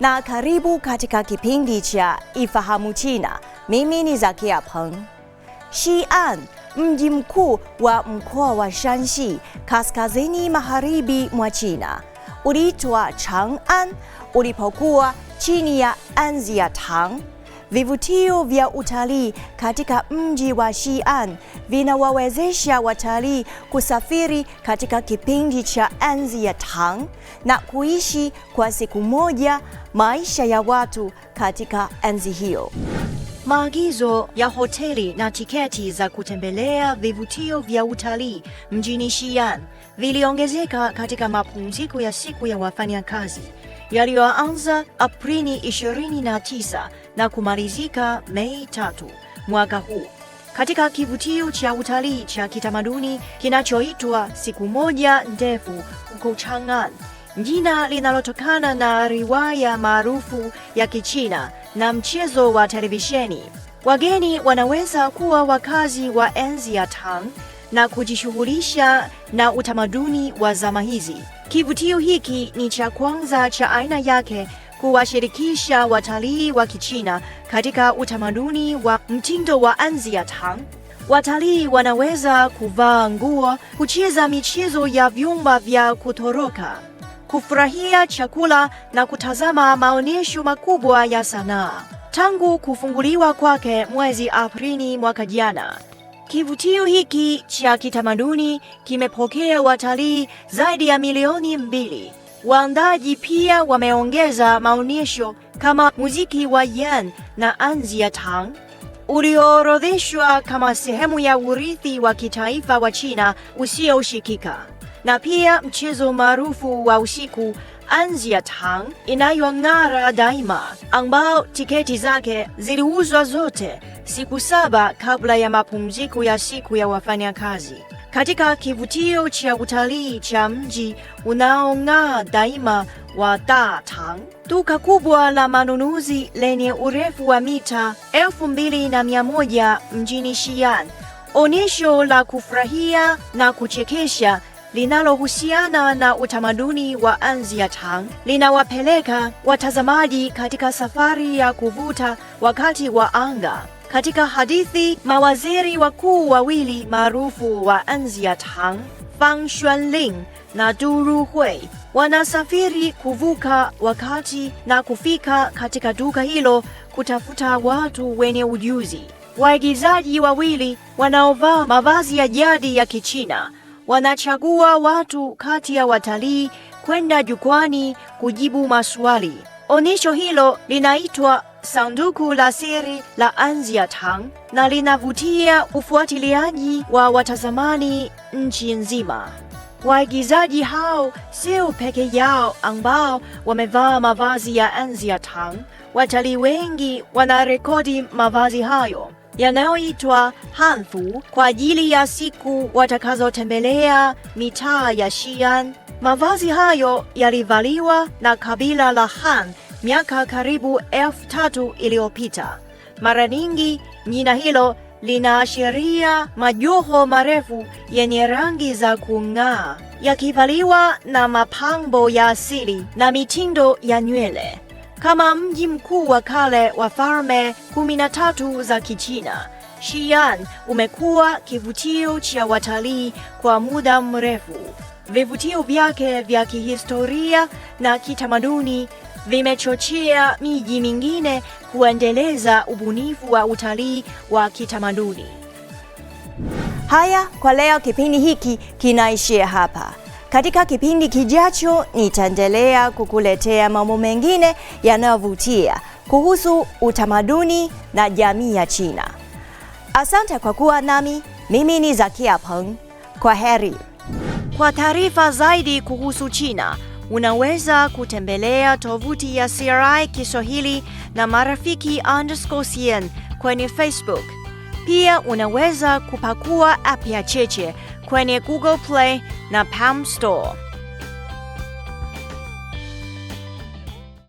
na karibu katika kipindi cha Ifahamu China. Mimi ni Zakia Peng. Xi'an, mji mkuu wa mkoa wa Shanxi, kaskazini magharibi mwa China, uliitwa Chang'an ulipokuwa chini ya enzi ya Tang. Vivutio vya utalii katika mji wa Xi'an vinawawezesha watalii kusafiri katika kipindi cha enzi ya Tang na kuishi kwa siku moja maisha ya watu katika enzi hiyo. Maagizo ya hoteli na tiketi za kutembelea vivutio vya utalii mjini Xi'an viliongezeka katika mapumziko ya siku ya wafanyakazi yaliyoanza Aprili 29 na kumalizika Mei tatu mwaka huu katika kivutio cha utalii cha kitamaduni kinachoitwa siku moja ndefu huko Chang'an, jina linalotokana na riwaya maarufu ya Kichina na mchezo wa televisheni. Wageni wanaweza kuwa wakazi wa enzi ya Tang na kujishughulisha na utamaduni wa zama hizi. Kivutio hiki ni cha kwanza cha aina yake kuwashirikisha watalii wa Kichina katika utamaduni wa mtindo wa ya Tang. Watalii wanaweza kuvaa nguo, kucheza michezo ya vyumba vya kutoroka, kufurahia chakula na kutazama maonyesho makubwa ya sanaa. Tangu kufunguliwa kwake mwezi Aprili mwaka jana, Kivutio hiki cha kitamaduni kimepokea watalii zaidi ya milioni mbili. Waandaji pia wameongeza maonyesho kama muziki wa Yan na Anzi ya Tang ulioorodheshwa kama sehemu ya urithi wa kitaifa wa China usioshikika na pia mchezo maarufu wa usiku anzi ya Tang inayong'ara daima, ambao tiketi zake ziliuzwa zote siku saba kabla ya mapumziko ya siku ya wafanyakazi katika kivutio cha utalii cha mji unaong'aa daima wa Da Tang, duka kubwa la manunuzi lenye urefu wa mita elfu mbili na mia moja mjini Xi'an, onyesho la kufurahia na kuchekesha linalohusiana na utamaduni wa anzi ya Tang linawapeleka watazamaji katika safari ya kuvuta wakati wa anga. Katika hadithi, mawaziri wakuu wawili maarufu wa anzi ya Tang, Fang Xuanling na Du Ruhui wanasafiri kuvuka wakati na kufika katika duka hilo kutafuta watu wenye ujuzi. Waigizaji wawili wanaovaa mavazi ya jadi ya Kichina wanachagua watu kati ya watalii kwenda jukwani kujibu maswali. Onyesho hilo linaitwa Sanduku la Siri la Anzia Tang na linavutia ufuatiliaji wa watazamani nchi nzima. Waigizaji hao sio peke yao ambao wamevaa mavazi ya Anzia Tang. Watalii wengi wanarekodi mavazi hayo yanayoitwa Handhu kwa ajili ya siku watakazotembelea mitaa ya Xi'an. Mavazi hayo yalivaliwa na kabila la Han miaka karibu elfu tatu iliyopita. Mara nyingi jina hilo linaashiria majoho marefu yenye rangi za kung'aa yakivaliwa na mapambo ya asili na mitindo ya nywele kama mji mkuu wa kale wa falme 13 za Kichina. Xi'an umekuwa kivutio cha watalii kwa muda mrefu. Vivutio vyake vya kihistoria na kitamaduni vimechochea miji mingine kuendeleza ubunifu wa utalii wa kitamaduni. Haya kwa leo, kipindi hiki kinaishia hapa. Katika kipindi kijacho nitaendelea kukuletea mambo mengine yanayovutia kuhusu utamaduni na jamii ya China. Asante kwa kuwa nami. Mimi ni Zakia Peng. Kwa heri. Kwa taarifa zaidi kuhusu China unaweza kutembelea tovuti ya CRI Kiswahili na marafiki underscore cn kwenye Facebook. Pia unaweza kupakua app ya Cheche Google Play 나 Palm Store.